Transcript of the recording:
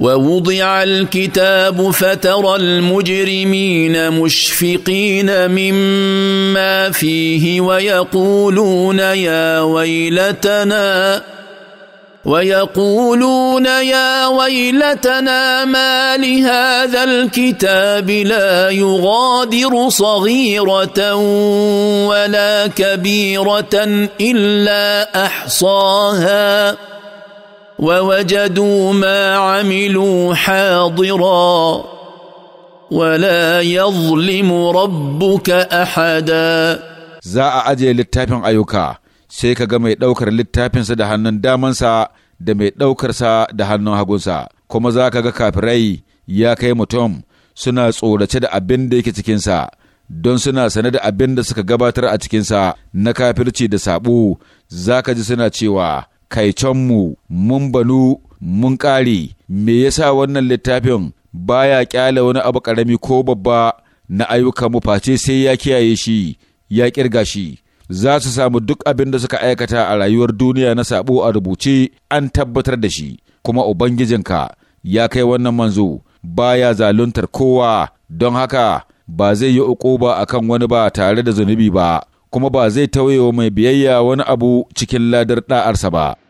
ووضع الكتاب فترى المجرمين مشفقين مما فيه ويقولون يا ويلتنا ويقولون يا ويلتنا ما لهذا الكتاب لا يغادر صغيرة ولا كبيرة إلا أحصاها ووجدوا ما عملوا حاضرا ولا يظلم ربك أحدا za a ajiye littafin ayyuka sai ka ga mai ɗaukar littafinsa da hannun damansa da mai ɗaukarsa da hannun hagunsa kuma za ka ga kafirai ya kai mutum suna tsorace da abin da yake cikinsa don suna sane da abin da suka gabatar a cikinsa na kafirci da saɓo za ka ji suna cewa kaicenmu mun banu mun ƙare, me yasa wannan littafin baya ƙyale wani abu ƙarami ko babba na ayyuka mu face sai ya kiyaye shi ya ƙirga shi. Za su samu duk abin da suka aikata a rayuwar duniya na sabo a rubuce an tabbatar da shi, kuma Ubangijinka ya kai wannan manzo baya zaluntar kowa don haka ba zai yi ba akan wani ba tare da zunubi ba. kuma ba zai tauye mai biyayya wani abu cikin ladar ɗa'arsa ba.